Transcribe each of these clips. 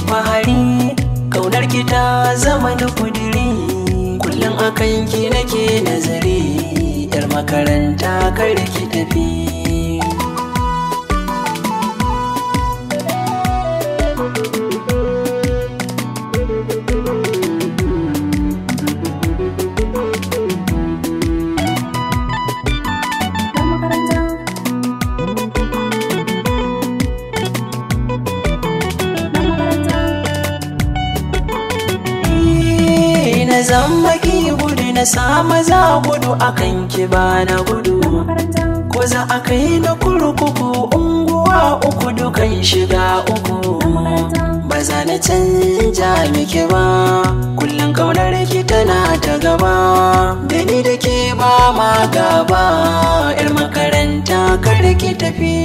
fahari kaunar ki ta zama da kudiri kullum akan ki nake nazari yar makaranta kar da ki tafi zama ki gudu na sama za gudu akan ki ba na gudu ko za a kai na kurkuku unguwa uku dukan shiga uku ba za na canja miki ba kullum kaunar ki tana ta gaba da ni da ke ba ma gaba 'yar makaranta kar ki tafi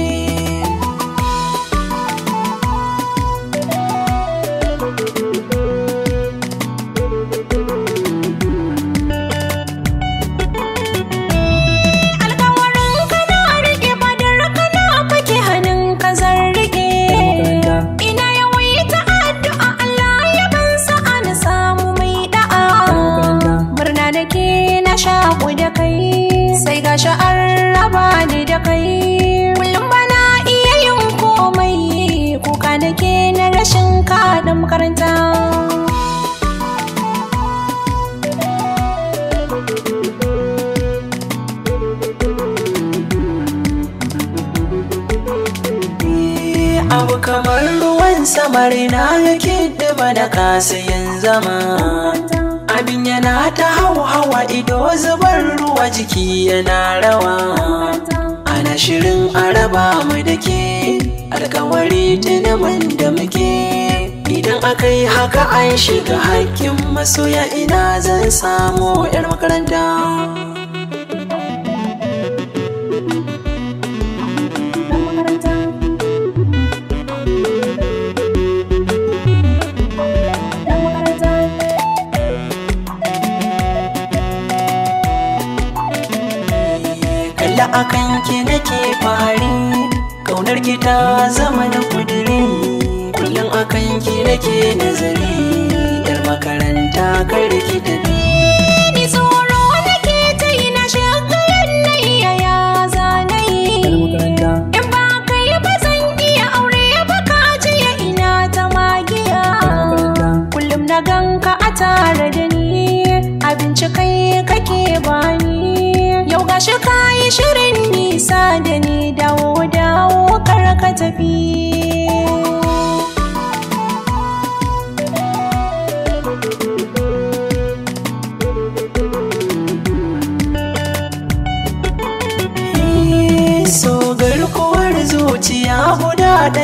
da na rashin kaɗin makaranta abu kamar ruwan samari na yake duba da kasayin zama abin yana ta hauhawa ido zubar ruwa jiki yana rawa ana shirin araba mai da ke alkawari tunamin da muke idan aka yi haka an shiga hakkin masoya ina zan samu 'yar makaranta da akan ki nake fari Kaunar ki ta zama da kudiri kullum akan ki nake nazari yar makaranta kar ki da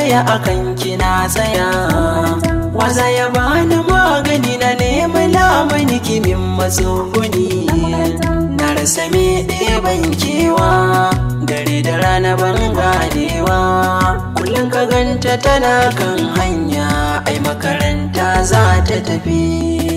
tsaya akan kina tsaya waza ya bani magani na nemi lamani kimin matsuguni na rasa me ɗaya kewa dare da rana ban ganewa kullum ka ganta tana kan hanya ai makaranta za ta tafi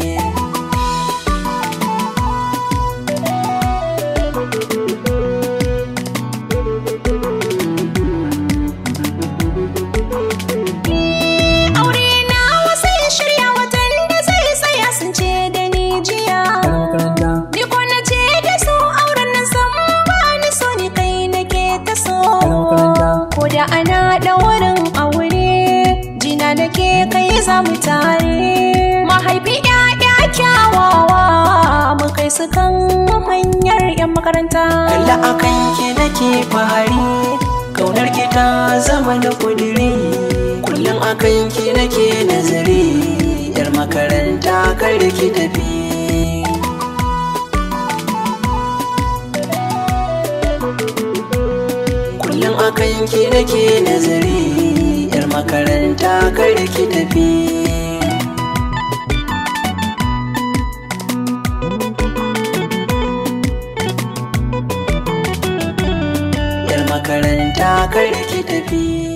wurin aure jina da ke kai za mu tare mahaifi ƴaƴa kyawawa mu kai su kan hanyar yan makaranta Allah kan ki nake fahari kaunar ki ta zama da kudiri kullum a kan ki nake nazari yar makaranta kar da ki tafi kullum akan ki nake nazari yar makaranta kar ki tafi yar makaranta kar ki tafi